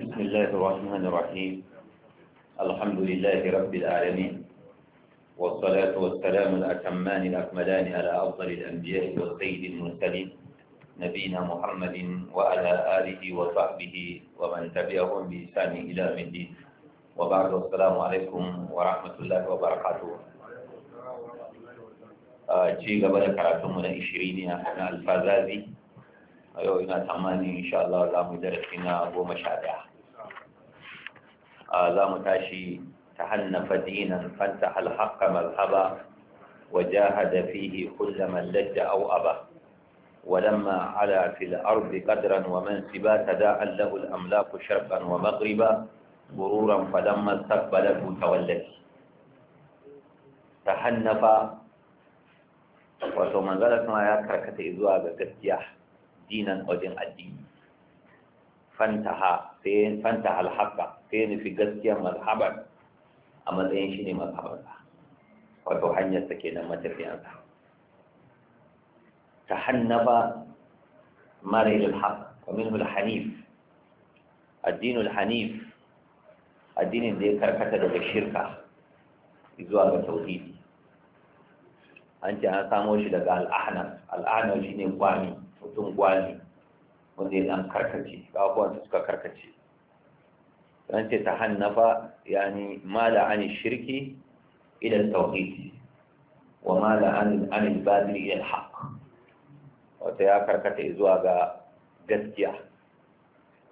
بسم الله الرحمن الرحيم الحمد لله رب العالمين والصلاة والسلام الأتمان الأكملان على أفضل الأنبياء والسيد المرسلين نبينا محمد وعلى آله وصحبه ومن تبعهم بإحسان إلى من دين وبعد السلام عليكم ورحمة الله وبركاته جي آه، قبل كراتم من na ishirini na alfazazi a yau ina tsammanin insha Allah za mu darasi na za mu tashi تحنف دينا فانتح الحق مذهبا وجاهد فيه كل من لج أو أبى ولما على في الأرض قدرا ومنسبا تداعى له الأملاك شرقا ومغربا غرورا فلما استقبله تولد تحنف وثم ذلك ما يكركت إذواء بكتياح دينا أو دين الدين fantaha sai fantaha alhaqa sai nufi gaskiya mazhabar a matsayin shi ne mazhabarsa wato hanyarsa kenan matafiyansa ta hannaba mara ilil haq wa minhu hanif addinul hanif addinin da ya karkata daga shirka zuwa ga tauhidi an ce an samo shi daga al'ahnas al'ahnas shine gwami mutum gwami wanda ya dan karkace abubuwan da suka karkace don ce ta hannafa ma da ani shirki idan tauhid wa mala an an batil idan alhaq wato ya karkata zuwa ga gaskiya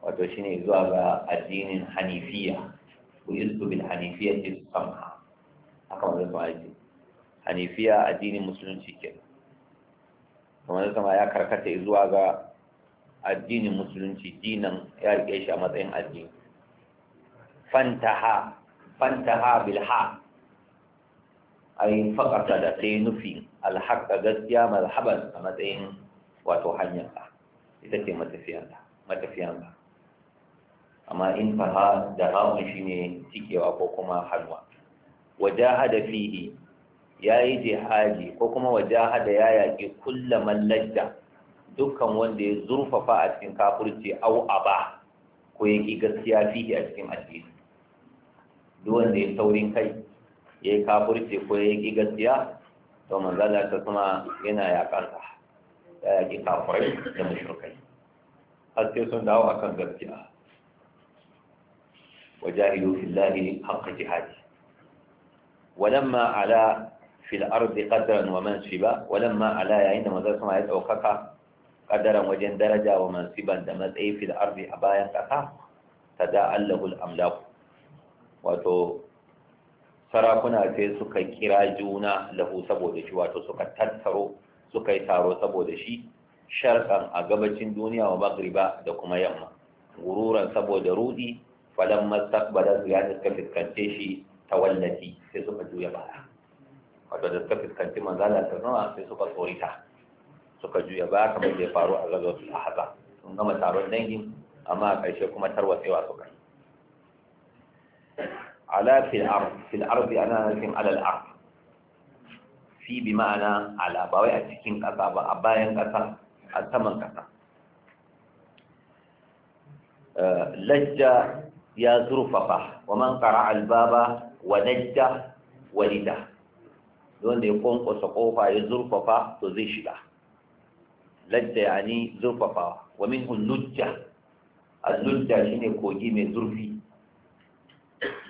wato shi ne zuwa ga addinin hanifiya yi su bin hanifiya ce samha haka wanda su aiki hanifiya addinin musulunci kenan kamar sama ya karkata zuwa ga addinin musulunci dinan ya rike shi a matsayin addini fantaha fantaha bilha yi faƙasa da sai nufi alhaƙa gaskiya malhaban a matsayin wato hanyarsa ita ce matafiyansa amma in faha da hawan shi ne cikewa ko kuma hannuwa wajahada fihi ya yi jihadi ko kuma wajahada ya yaƙi kulla mallajja dukkan wanda ya zurfafa a cikin kafirci au aba ko ya ki gaskiya fihi a cikin addini duk wanda ya saurin kai ya yi kafirci ko ya ki gaskiya to manzala ta kuma yana yakansa ya yaki kafirai da mashirkai har sai sun dawo akan gaskiya وجاهدوا في الله حق جهاده ولما على في الأرض قدرا ومنشبا ولما على يعني ما ذا سما ya كفا kadaran wajen daraja wa mansiban da matsayi fil ardi a bayan kasa ta da allahul amlaku wato sarakuna sai suka kira juna lahu saboda shi wato suka tattaro suka yi taro saboda shi sharkan a gabacin duniya wa magriba da kuma yamma gururan saboda rudi falan mastaqbala su ya suka fiskance shi ta wallafi sai suka juya baya wato da suka fiskanci manzala ta zama sai suka tsorita suka juya ba kamar da ya faru a gazawatul sun gama taron dangi amma a ƙarshe kuma tarwatsewa suka yi ala fil ard ana nufin alal ard fi bi ma'ana ala ba wai a cikin ƙasa ba a bayan ƙasa a saman ƙasa eh, lajja ya zurfafa wa man albaba wa najja walida wanda ya kwankwasa ƙofa ya zurfafa to zai shiga lajja yani zurfafawa wa minhu nujja al-nujja shine kogi mai zurfi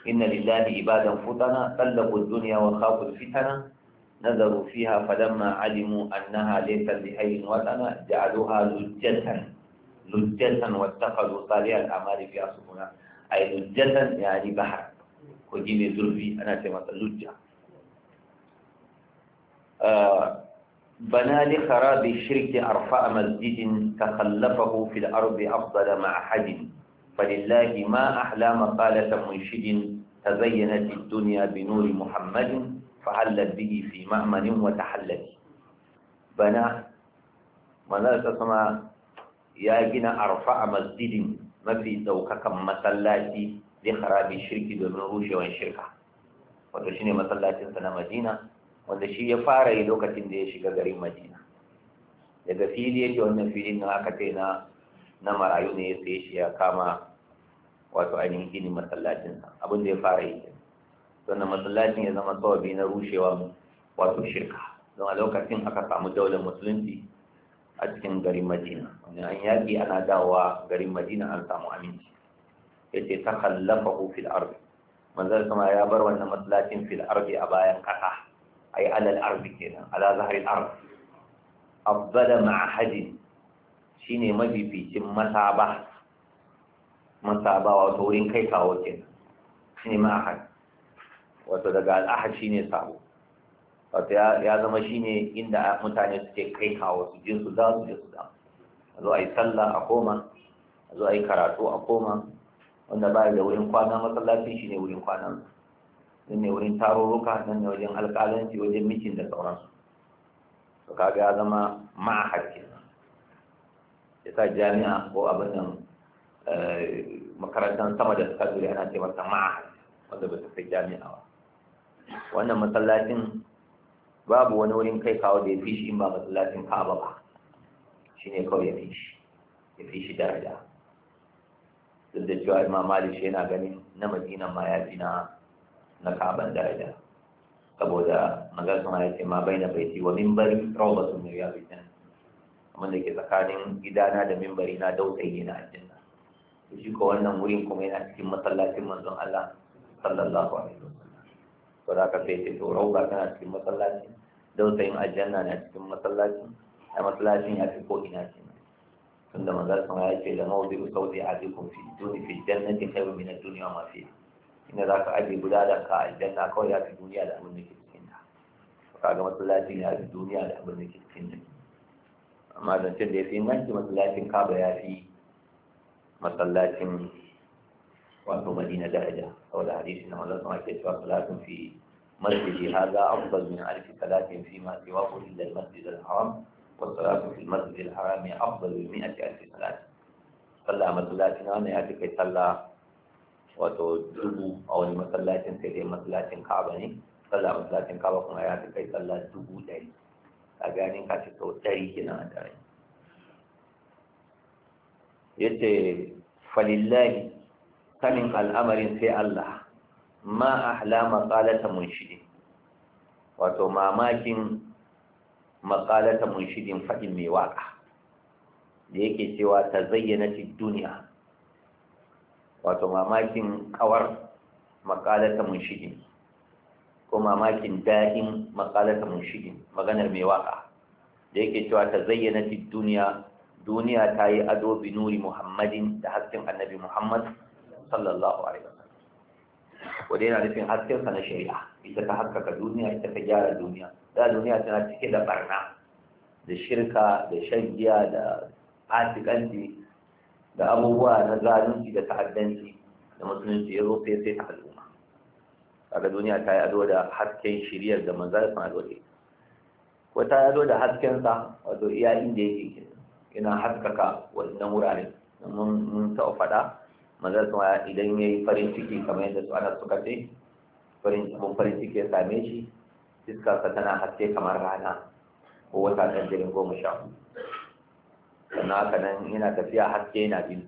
inna lillahi ibadan futana qallabu ad-dunya wa khafu al-fitana نظروا فيها فلما علموا أنها ليس لأي وطن جعلوها لجة لجة واتخذوا صالح الأعمال في أصحابنا أي لجة يعني bahar, kogi mai zurfi ana لجة Lujja. بنى لخراب الشرك أرفع مسجد تخلفه في الأرض أفضل مع حد فلله ما أحلى مقالة منشد تزينت الدنيا بنور محمد فحلت به في مأمن وتحلت بنى مناسة سما يا جنا أرفع مسجد ما في ذوقك مسلاتي لخراب الشرك بمن روشة وانشركة وتشيني مسلاتي سنة مدينة wanda shi ya fara yi lokacin da ya shiga garin madina daga fili yake wannan filin na aka ce na na marayu ne ya sai shi ya kama wato ainihin gini masallacin abin da ya fara yi wannan masallacin ya zama sababi na rushewa wato shirka don a lokacin aka samu daular musulunci a cikin garin madina wani an yaƙi ana dawowa garin madina an samu aminci ya ce ta kallafa fil arzi manzar sama ya bar wannan masallacin fil a bayan kasa. ay alal ardi kenan ala zahril ard afdala ma'a hadin shine mafificin masaba masaba wato wurin kai kawo kenan shine ma'a had wato daga al'ahad shine sabo wato ya zama shine inda mutane suke kai kawo su je su za su je su da zo a yi sallah a koma a zo a karatu a koma wanda ba ya da wurin kwana masallacin shine wurin kwanan nan ne wurin tarurruka nan ne wajen alƙalanci wajen mikin da sauransu to kaga ya zama ma'ahar kenan ya sa jami'a ko abin nan eh, makarantar sama da zuri ana ce masa ma'ahar wanda ba ta kai jami'a ba wannan masallacin babu wani wurin kai kawo da ya fi shi in ba masallacin ka'aba ba shi ne kawai ya fi shi ya fi shi daraja duk da cewa imam malik shi yana ganin na madina ma ya fi na na kaban daraja saboda maza suna ya ce ma bai na baiti wa mimbari rawar sun yi yabi can da ke tsakanin gidana da mimbari na dausayi na aljanna shi ko wannan wurin kuma yana cikin masallacin manzon Allah sallallahu alaihi wasallam to da ka sai to rawar kana cikin masallaci dausayin aljanna na cikin masallaci a masallacin ya fi ko ina ce tunda maza suna ya ce da mawdu saudi azikum fi duni fi jannati khairun min ad-dunya ma fi inda za ka ajiye bulalan ka aljanna kawai ya fi duniya da abin da ke cikin ta ga masallacin ya fi duniya da abin da ke cikin ta amma zancen da ya fi inganci masallacin kaba ya fi masallacin wato madina daraja saboda hadisi na wannan sama ke cewa salatun fi masjidi hadha afdal min alf salatin fi ma siwahu illa al masjid al haram wa salatu fi al masjid al haram afdal min a alf salat sallah masallacin wannan ya fi kai sallah wato dubu a wani masallacin sai dai masallacin kaba ne sallah masallacin kaba kuma ya fi kai sallah dubu ɗari a ganin ka ce sau ɗari kina a dare ya ce falillahi kamin al'amarin sai Allah ma ahla maƙalata munshidi wato mamakin maƙalata munshidin faɗin mai waƙa da yake cewa ta zayyana duniya wato mamakin kawar makalata munshigin ko mamakin da'in makalata munshigin maganar mai waka da yake cewa ta zayyana fi duniya duniya ta yi ado bi nuri muhammadin da hasken annabi muhammad sallallahu alaihi wasallam wanda yana nufin hasken sa na shari'a ita ta haskaka duniya ita ta gyara duniya da duniya tana cike da barna da shirka da shan giya da fasikanci da abubuwa na zalunci da ta'addanci da musulunci ya zo sai sai ta al'umma kaga duniya ta yi ado da hasken shiriyar da manzan sun ado da ko ta yi ado da hasken sa wato iya inda yake yana haskaka wannan wurare mun taɓa faɗa manzan sun idan ya yi farin ciki kamar yadda su ana suka ce mun farin ciki ya same shi iskarsa tana haske kamar rana ko wata ɗan jirin goma sha na haka nan yana tafiya haske yana bin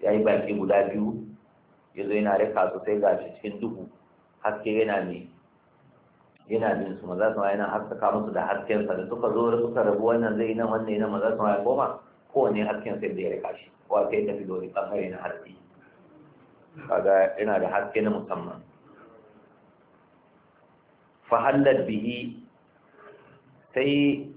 ya yi baki guda biyu ya zo yana rika sosai ga shi cikin duhu haske yana ne yana bin su maza su yana haskaka musu da sa da suka zo da suka rabu wannan zai yi nan wannan yana maza su ma ya koma kowane hasken sai da ya rika shi ko sai tafi da wani bangare na haske kaga yana da haske na musamman fahallar bihi sai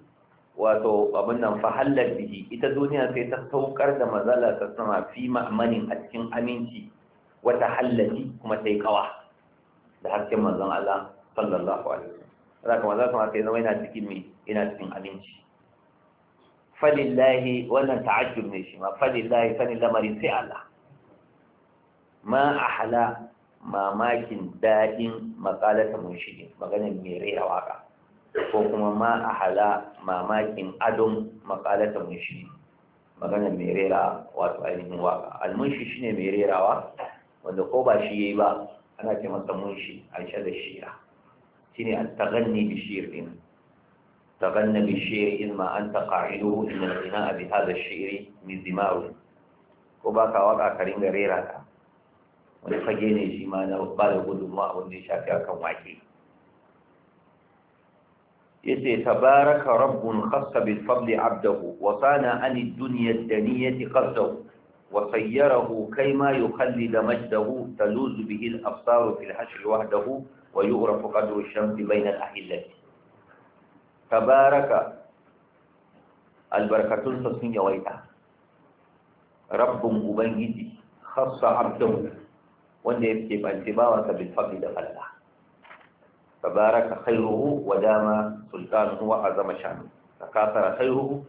wato abin nan fahallar bihi ita duniya sai ta saukar da mazala ta sama fi ma'amanin a cikin aminci wata hallaci kuma sai kawa da hasken manzon Allah sallallahu alaihi wasallam haka manzon Allah sai zama yana cikin me yana cikin aminci falillahi wannan ta'ajjub ne shi ma falillahi fani lamarin sai Allah ma ahla mamakin dadin maqalatan munshidi maganar mai rera waka ko kuma ma a hala mamakin adon makalata munshi, maganar mai rera wato ainihin waka almunshi shi ne mai rerawa wanda ko ba shi yi ba ana ce masa munshi shi da shira shine at-taghanni bi shi'r din taghanna bi shi'r ma an taqa'iduhu in ina a bita da shi shir min zimaru. ko ba ka waka ka ringa rera ta wani fage ne shi ma na ba da gudunmawa wanda ya shafi akan wake يسي تبارك رب خص بالفضل عبده وصانى عن الدنيا الدنية قصده وصيره كيما يخلد مجده تلوز به الأبصار في الحشر وحده ويغرف قدر الشمس بين الأحلة تبارك البركة تصفين يويتا رب مبنجد خص عبده وانا يبتب انتباوة بالفضل دخل tabaraka khairuhu wa dama sultanuhu wa azama sha'nu takasara khairuhu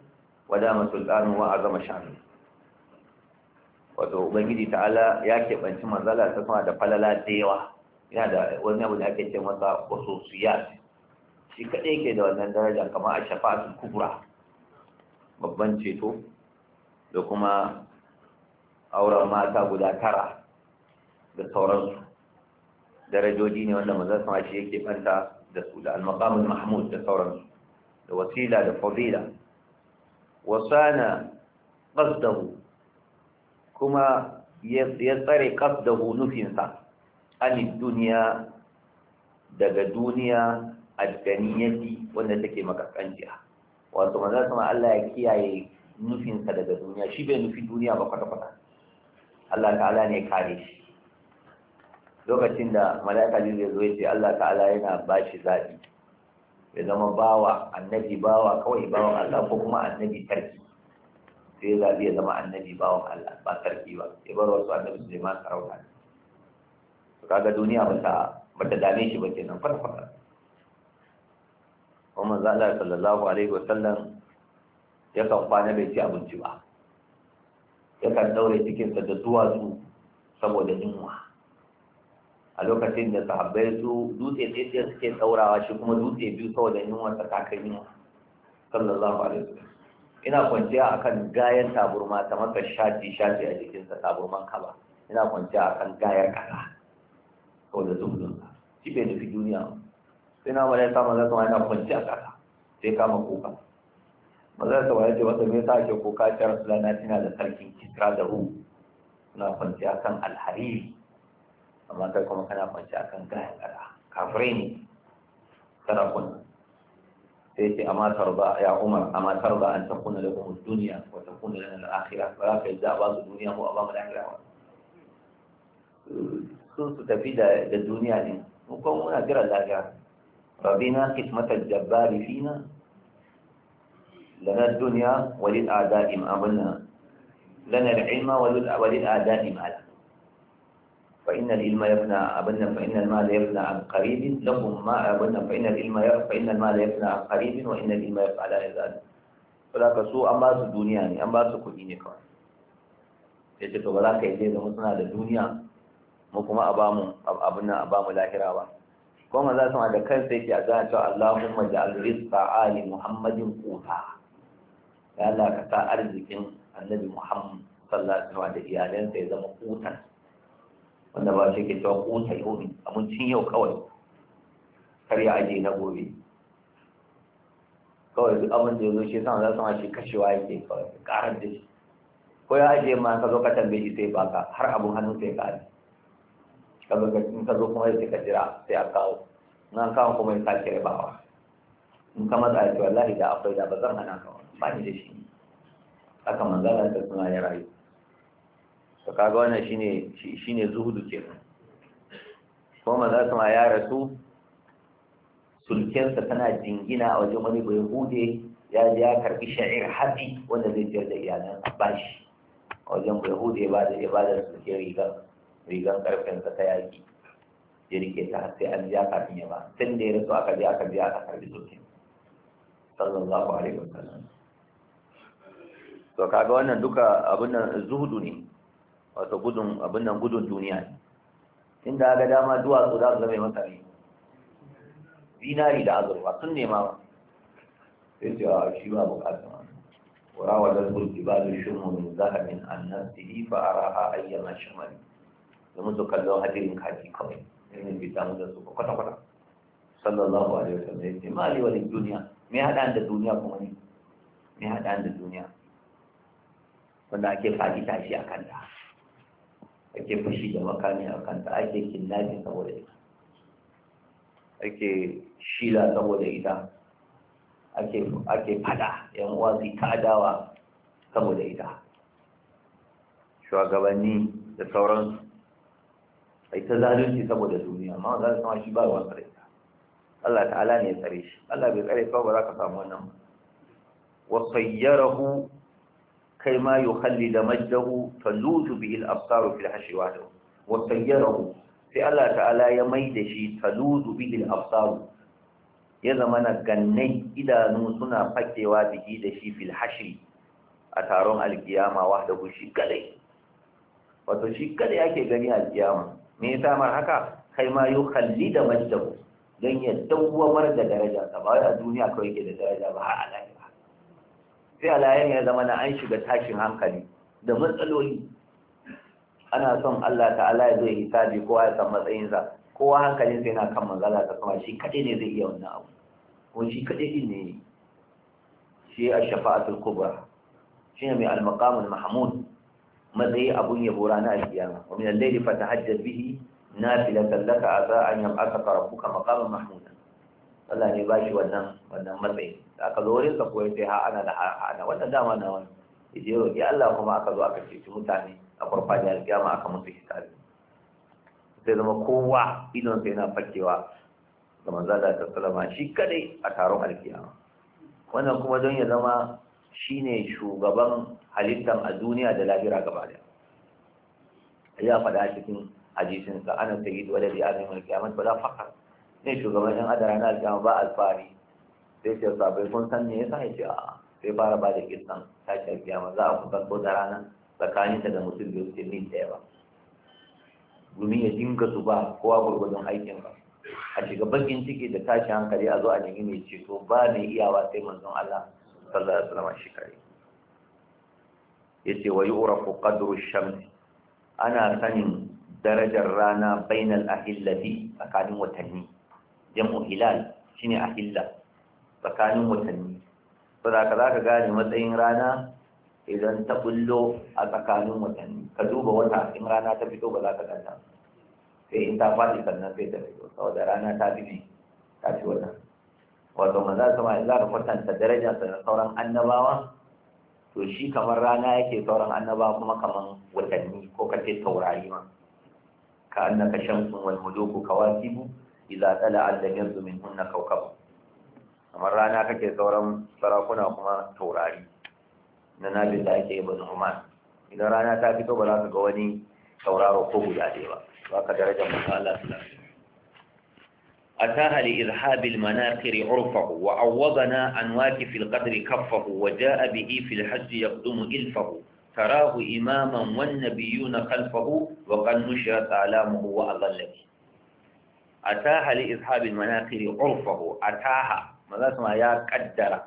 wa dama sultanuhu wa azama sha'nu wato ubangiji ta'ala ya keɓanci manzala ta kuma da falala da yawa yana da wani abu da ake ce masa khususiyat shi kaɗai ke da wannan daraja kamar a shafa'atul kubra babban ceto da kuma auren mata guda tara da sauransu darajoji ne wanda manzon sama yake fanta da su da almakamin mahmud da sauransu da wasila da fadila wasana qasdahu kuma ya tsare qasdahu nufinsa an duniya daga duniya addaniyati wanda take makakanciya wato manzon sama Allah ya kiyaye nufinsa daga duniya shi bai nufi duniya ba kwata-kwata Allah ta'ala ne kare shi lokacin da mala'ika jirgin zo ce Allah ta'ala yana ba shi zaɓi. ya zama bawa annabi bawa kawai bawan Allah ko kuma annabi tarki sai zaɓi ya zama annabi bawan Allah ba tarki ba ya bar wasu annabi Sulaiman sarauta su kaga duniya ba ta dame shi ba kenan kwata kwata kuma manzo Allah sallallahu alaihi wa sallam ya kan kwana bai ci abinci ba ya kan daure cikinsa da duwatsu saboda yunwa a lokacin da sahabbai su dutse da suke saurawa shi kuma dutse biyu saboda yunwa ta takalmi sallallahu alaihi wasallam ina kwanciya akan gayan taburma ta maka shafi shafi a sa taburman kaba ina kwanciya akan gayar da saboda zubulun shi bai nufi duniya sai na wani samun zaka wani ina kwanciya kaza. sai kama kuka Maza ta wani ce wata mai yasa ake kuka ta rasulana tana da sarkin kisra da ruhu suna kwanciya kan alhariri amma kai kuma kana kwanci a kan gaya kara kafirai ne kana kun sai ce amma tarba ya umar amma tarba an takuna da kuma duniya wa takuna lana al-akhira ba za ka yi za a ba su duniya ko a ba mu lahira ba sun su tafi da duniya din mu kuma muna jiran lahira ربنا قسمة الجبار فينا لنا الدنيا وللأعداء أمرنا لنا العلم وللأعداء مالا فإن العلم يفنى أبنا فإن المال يفنى عن قريب لهم ما أبنا فإن العلم فإن المال يفنى عن قريب وإن العلم يفعل ذلك فذاك سوء أما سو دنيا أما سو كديني كمان yace to ba za ka yi zai zama suna da duniya mu kuma a bamu abin nan a bamu lahira ba ko manzo sama da kansa yake a zan cewa Allahumma ja'al rizqa ali Muhammadin quta ya Allah arzikin Annabi da iyalansa ya zama kutan. wanda ba shi ke cewa kota yau ne abincin yau kawai kar ya aje na gobe kawai duk abin da ya zo shi sama za su shi kashewa yake kawai karar da shi ko ya aje ma ka zo ka tambaye shi sai baka har abin hannu sai ka aje ka zo ka in ka zo kuma sai ka jira sai a kawo na kawo kuma ya sake rabawa in ka matsa ya ce wallahi da akwai da ba zan hana ka ba ni da shi haka manzala ta suna ya rayu to kaga wannan shine shine zuhudu kenan ko su ma ya rasu sulkensa tana jingina a wajen wani bai hude ya je ya karbi sha'ir hafi wanda zai ciyar da iyalan bashi a wajen bai hude ba da ya bada sulke rigan rigan karfensa ta yaki ya rike ta sai an ja kafin ya ba tun da ya rasu aka ji aka ji aka karbi sulken sallallahu alaihi wasallam to kaga wannan duka abin nan zuhudu ne wato gudun abin nan gudun duniya ne inda ga dama duwatsu za su zama mata ne zinari da azurfa sun nema ba sai ce a shi ba bukata ma kura wa dalbul kibalin shirin mu zahamin annas tili fa a raha ayyana shamari da musu kallon hadirin kaji kawai irin bi damu da su kwata kwata sallallahu alaihi wa sallam ne ma alewa da duniya mai haɗa da duniya kuma ne mai haɗa da duniya wanda ake faɗi tashi a kanta. ta ake fushi da makami a kanta ake kinnaji saboda ita ake shila saboda ita ake fada yan uwa su ta adawa saboda ita shugabanni da sauransu ai ta zalunci saboda duniya amma za su sama shi ba wa tsare ta Allah ta'ala ne ya tsare shi Allah bai tsare ba za ka samu wannan ba wa sayyarahu kai ma yukhalli da majdahu talutu bihi al-absar fi al-hashi wahdahu wa sayyarahu sai Allah ta'ala ya mai da shi talutu bihi al-absar ya zama na gannai idanu suna fakewa biki da shi fil hashi a taron alkiyama wahdahu shi kadai wato shi kadai ake gani alkiyama me yasa mar haka kai ma yukhalli da majdahu don ya dawwamar da daraja ba wai a duniya kawai ke da daraja ba har a sai alayen ya zama na an shiga tashin hankali da matsaloli ana son Allah ta'ala ya zai hisabi kowa ya san matsayinsa kowa hankalin sai kan manzala ta kuma shi kaɗai ne zai iya wannan abu ko shi kaɗai ne shi a shafa'atul kubra shi ne mai almakamun mahamud matsayi abun yabo ranar alkiyama wa min da fata hajjar bihi nafilatan laka asa an yam'aka rabbuka makamun mahmudan Allah ne ba shi wannan wannan matsayi aka zo wurin sa ko yace ha ana da ana wannan dama na wani yaje roki Allah kuma aka zo aka ceci mutane a farfajiyar kiyama aka musu hisabi sai zama kowa idon sai na fakewa ga manzo da sallama shi kadai a taron alkiyama wannan kuma don ya zama shine shugaban halittar a duniya da lahira gaba daya ya faɗa cikin hadisin sa ana sayyid wa ladhi azimul qiyamah wala faqat ne shugaban yan adara na alƙiyama ba alfahari sai ce sabai kun san ya yasa ya ce a sai fara ba da kisan tashi alƙiyama za a kusan ko da rana tsakaninta da mutum biyu ce min ɗaya ba domin ya dinga su ba kowa gwargwadon aikin ba a shiga bakin ciki da tashi hankali a zo a nemi mai ceto ba mai iyawa sai manzon Allah sallallahu alaihi wasallam shi kare yace wa yu'rafu qadru shams ana sanin darajar rana bainal ahillati tsakanin watanni jam'u hilal a ahilla tsakanin watanni saboda za ka gane matsayin rana idan ta bullo a tsakanin watanni ka duba wata in rana ta fito ba za ka ganta sai in ta faɗi sannan sai ta fito saboda rana ta fi ta fi wata wato za sama ma za ka kwatanta daraja da sauran annabawa to shi kamar rana yake sauran annabawa kuma kamar watanni ko ka ce taurari ma ka annaka shamsun wal muluku kawasibu iza tsala allan yanzu min hunna kaukab kamar rana kake sauran sarakuna kuma taurari na nabin da ake ibn umar idan rana ta fito ba za ka ga wani tauraro ko guda ɗaya ba ba ka daraja masa Allah su a ta hali izhabil manakir urfahu wa awwadana an waqifil qadr kaffahu wa jaa bihi fil hajj yaqdumu ilfahu tarahu imaman biyu na khalfahu wa qad nushira uwa a adallahu ataha li izhabil manaqiri urfahu ataha maza su ya ƙaddara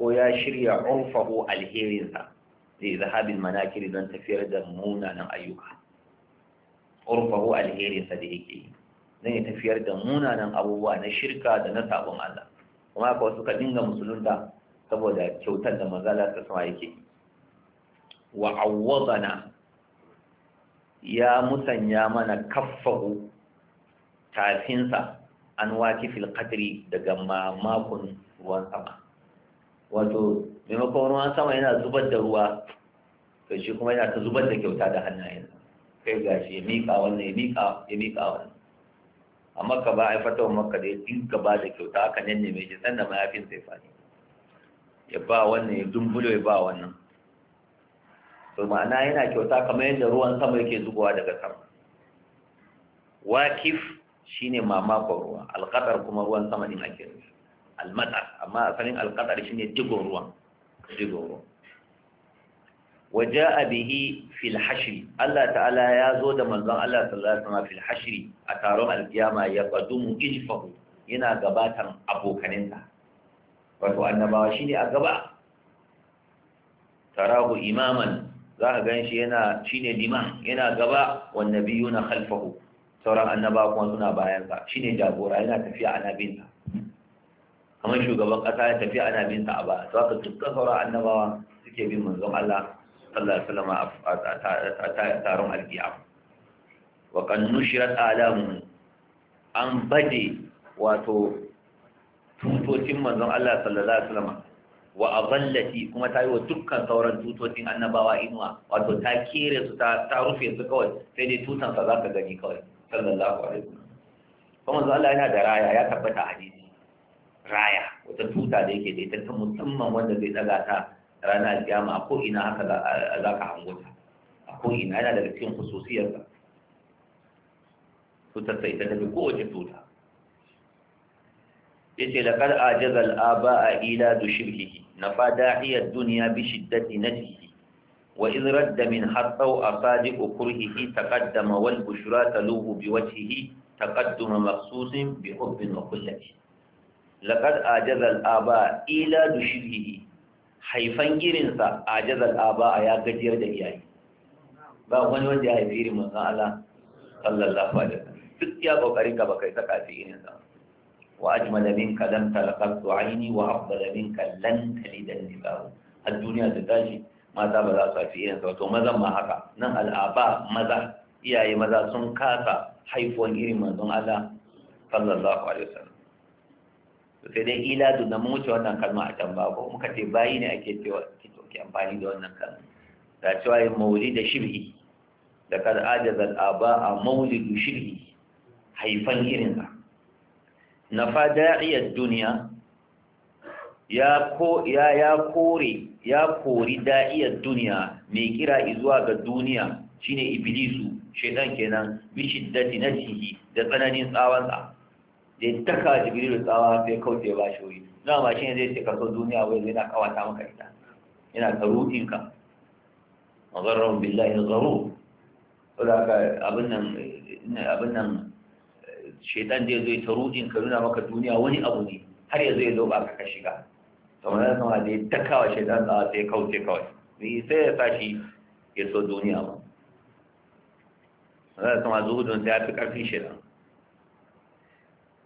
ko ya shirya urfahu alherinsa da izhabil manakiri don tafiyar da munanan ayyuka urfahu alherinsa da yake yi don ya tafiyar da munanan abubuwa na shirka da na sabon Allah kuma ka wasu ka dinga musulunta saboda kyautar da mazala ta sama yake wa awwadana ya musanya mana kaffahu tafinsa an waki fil qadri daga makon ruwan sama wato maimakon ruwan sama yana zubar da ruwa to shi kuma yana ta zubar da kyauta da hannayen kai gashi ya miƙa wannan ya miƙa ya miƙa wannan a makka ba a yi fatawar makka da ya dinka ba da kyauta aka nanne mai shi sannan mayafin sai fani ya ba wannan ya dumbulo ya ba wannan to ma'ana yana kyauta kamar yadda ruwan sama yake zubowa daga sama wakif Shi ne mamakon ruwa alƙadar kuma ruwan sama din ake nufi almatar amma asalin alƙadar shine digon ruwan digon ruwan waje abihi fil hashri Allah ta'ala ya zo da manzon Allah sallallahu alaihi filhashiri a taron alkiyama ya qadumu ijfahu yana gabatar abokaninsa wato annabawa shi ne a gaba tarahu imaman za ka gan shi yana shine liman yana gaba wan nabiyuna khalfahu sauran annaba kuma suna bayansa ne jagora yana tafiya ana binsa kamar shugaban kasa ya tafiya ana binsa a baya to haka dukkan sauran annabawa suke bin manzon Allah sallallahu alaihi wasallam a taron alkiyama wa kan nushirat alamun an baje wato tutocin manzon Allah sallallahu alaihi wasallam wa azallati kuma ta yi wa dukkan sauran tutocin annabawa inuwa wato ta kere su ta rufe su kawai sai dai tutansa za ka gani kawai sallallahu alaihi wasallam kuma manzo Allah yana da raya ya tabbata hadisi raya wata tuta da yake da ita ta musamman wanda zai daga ta ranar kiyama a ko ina haka za ka hango a ko ina yana daga cikin khususiyarsa tutar sai ta tafi kowace tuta yace laqad ajaza al-aba'a ila dushirkihi nafa da'iyad dunya bi shiddati nafsi وإذ رد من حتى أصادق كرهه تقدم والبشرى تلوه بوجهه تقدم مخصوص بحب وقلة لقد أعجز الآباء إيلاد شبهه haifan girinsa a jazal aba a ya gajiyar da iyaye ba wani wanda ya haifi irin manzon sallallahu alaihi wasallam duk ya kokarin ka baka isa kafi irin sa wa ajmal minka lam aini wa afdal a duniya da tashi mata ba za su haifi irinsa ba to mazan ma haka nan al'aba maza iyaye maza sun kasa haifuwan irin manzon Allah sallallahu alaihi wasallam to sai dai ila da mun wuce wannan kalma a can babu muka ce bayi ne ake cewa to ke amfani da wannan kalma da cewa yin mauli da shirhi da kad ajaza al'aba a da shirhi haifan irinsa na fada'iyar duniya ya ya kore ya kori da'iyar duniya mai kira zuwa ga duniya shine iblisu shaitan kenan bi shiddati nafsihi da tsananin tsawansa da taka jibril tsawa sai kauce ba shi wuri na ma shine zai ce kaso duniya wai zai na kawata maka ita yana karutin ka magarrun billahi zaru ka abin nan abin nan shaitan zai zo tarudin ka nuna maka duniya wani abu ne har ya zo ya zo ba ka shiga kamar yana sama da ya takawa shaidan da sai kauce kawai ni sai ya sashi ya so duniya ba za a sama zuhudun sai ya fi ƙarfin shaidan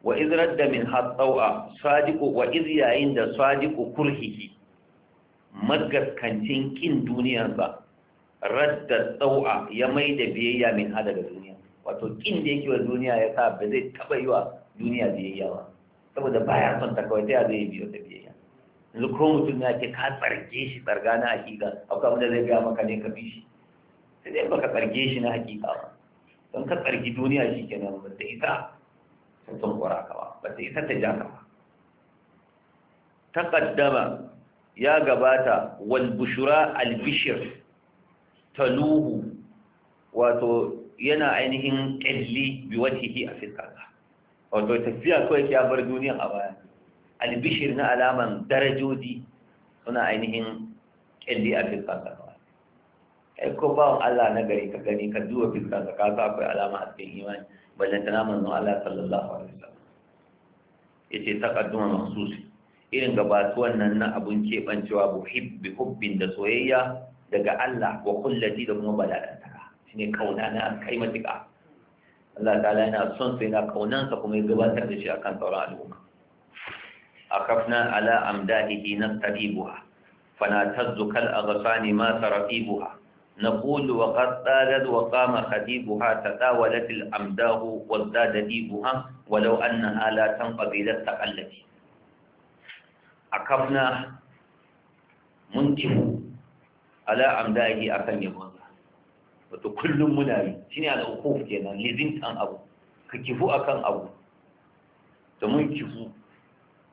wa iz da min hatsawa sadiku wa iz yayin da sadiku kurhihi magaskancin kin duniyarsa radda tsawa ya mai da biyayya min hada da duniya wato kin da yake wa duniya ya sa ba zai taɓa yi wa duniya biyayya ba saboda baya son ta kawai ta yi biyo ta biyayya yanzu ko mutum ya ce ka tsarge shi tsarga na hakika akwai abin da zai gaya maka ne ka bi shi sai dai baka tsarge shi na hakika ba don ka tsargi duniya shi kenan ba ta isa ta tunkura ka ba ba ta ita ta ja ka ba taqaddama ya gabata wal bushura al bishir taluhu wato yana ainihin kalli biwatihi a fiskarsa wato tafiya kawai ya bar duniya a baya albishir na alaman darajoji suna ainihin ƙyalli a fiskan sakawa kai ko wa Allah na gari ka gani ka duba fiskan sakawa akwai alama hasken imani ballanta na manzo Allah sallallahu alaihi wasallam yace taqadduma mahsusi irin gabatuwan nan na abun keɓancewa bu hibbi hubbin da soyayya daga Allah wa kullati da kuma balalantaka shine kauna na kai matuƙa Allah ta'ala yana son sai na kaunansa kuma ya gabatar da shi akan sauran al'umma أخفنا على أمداده نستبيبها فنعتز كالأغصان ما ترقيبها نقول وقد طالت وقام خديبها تطاولت الأمداه وازداد ديبها ولو أنها لا تنقضي لاستقلت أكفنا منتم على أمداه أكن يبون wato kullum muna yi shine al'ukuf kenan lizintan abu ka kifu akan abu da mun kifu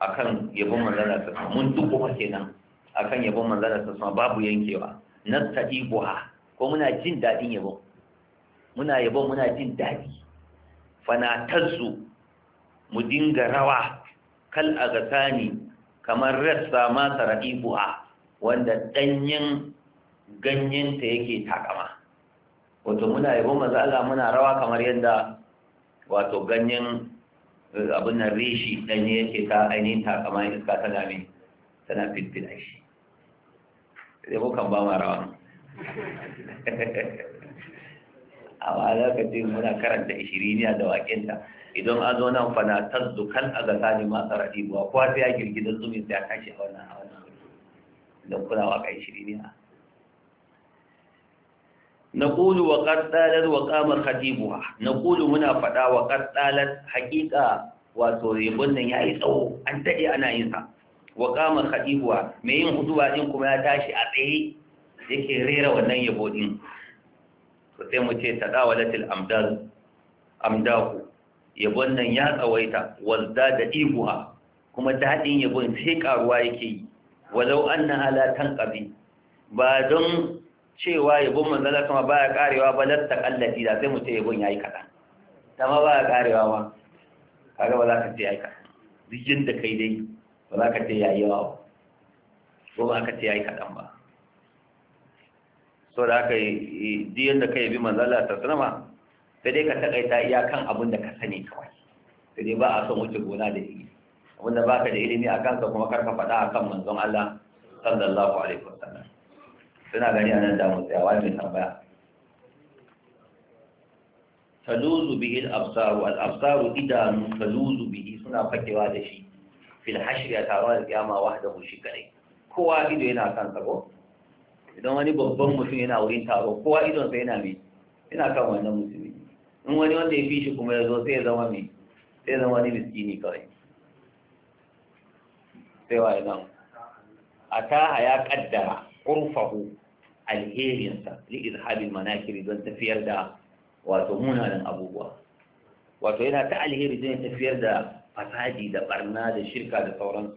akan yabon manzana ta mun duk kuma kenan akan yabon manzana ta sama babu yankewa nastahibuha ko muna jin dadin yabon muna yabon muna jin daɗi fanatarsu mu dinga rawa kal agasani kamar rassa ma sara'ibuha wanda ɗanyen ganyenta yake takama wato muna yabon manzo muna rawa kamar yadda wato ganyen abin nan reshi ya yake ta ainihin takama iska tana mai tana fitfina shi sai kan ba ma rawa A amma lokacin muna karanta ishiriniya da waƙinta idan an zo nan fana tazzu kan a ga sani masu raɗi buwa kowa sai ya girgizar zumin sai ya tashi a wannan a wannan da kuna waƙa ishiriniya نقول وقد طالت وقام خطيبها نقول muna فدا wa طالت حقيقه wato ribon nan yayi tsawo an dade ana yin sa wa qama khatibuwa me yin huduba din kuma ya tashi a tsaye yake rera wannan yabo din to sai mu ce tadawalatil amdal amdahu yabon nan ya tsawaita wanda da ibuha kuma dadin yabon sai karuwa yake yi walau annaha la tanqabi ba don cewa yabon manzala sama baya karewa ba latta kallafi da sai mu ce yabon yayi kaɗan dama baya karewa ba kaga ba za ka ce yayi kaɗan rikin da kai dai ba za ka ce yayi yawa ba ko ba ka ce yayi kaɗan ba so da haka eh, duk yadda kai bi manzala ta sanama sai dai ka taƙaita kan abin da ka sani kawai sai dai ba a son wuce gona da ilimi abin da baka da ilimi a kansa kuma karka faɗa a kan manzon Allah sallallahu alaihi wasallam suna gani a nan damu tsayawa mai tambaya taluzu bihi al-absaru al-absaru idanu taluzu bihi suna fakewa da shi fil hashri ya taron al-qiyama wahdahu shi kadai kowa ido yana kan sako idan wani babban mutum yana wurin taro kowa sai yana mai yana kan wannan mutum in wani wanda ya fi shi kuma ya zo sai ya zama mai sai ya zama wani miskini kawai sai wa nan a ta ya kaddara ƙurfahu alherinsa li izhabil manakiri don tafiyar da wato munanan abubuwa wato yana ta alheri don tafiyar da fasadi da barna da shirka da sauran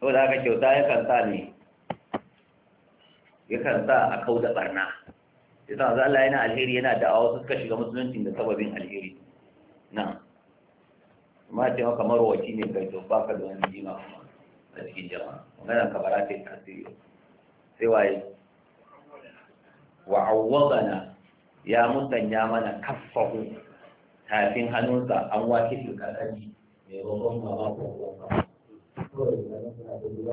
sau da haka kyauta yakan sa ne yakan sa a kau da barna yasa wanzu Allah yana alheri yana da'awa suka shiga musulunci da sababin alheri na ma ce maka marwaci ne kai to baka da wani jima a cikin jama'a magana kabara ce tasiri sai waye wa awwabana ya musanya mana kaffahu tafin hannunsa an wake shi ne, mai babban ba ko ko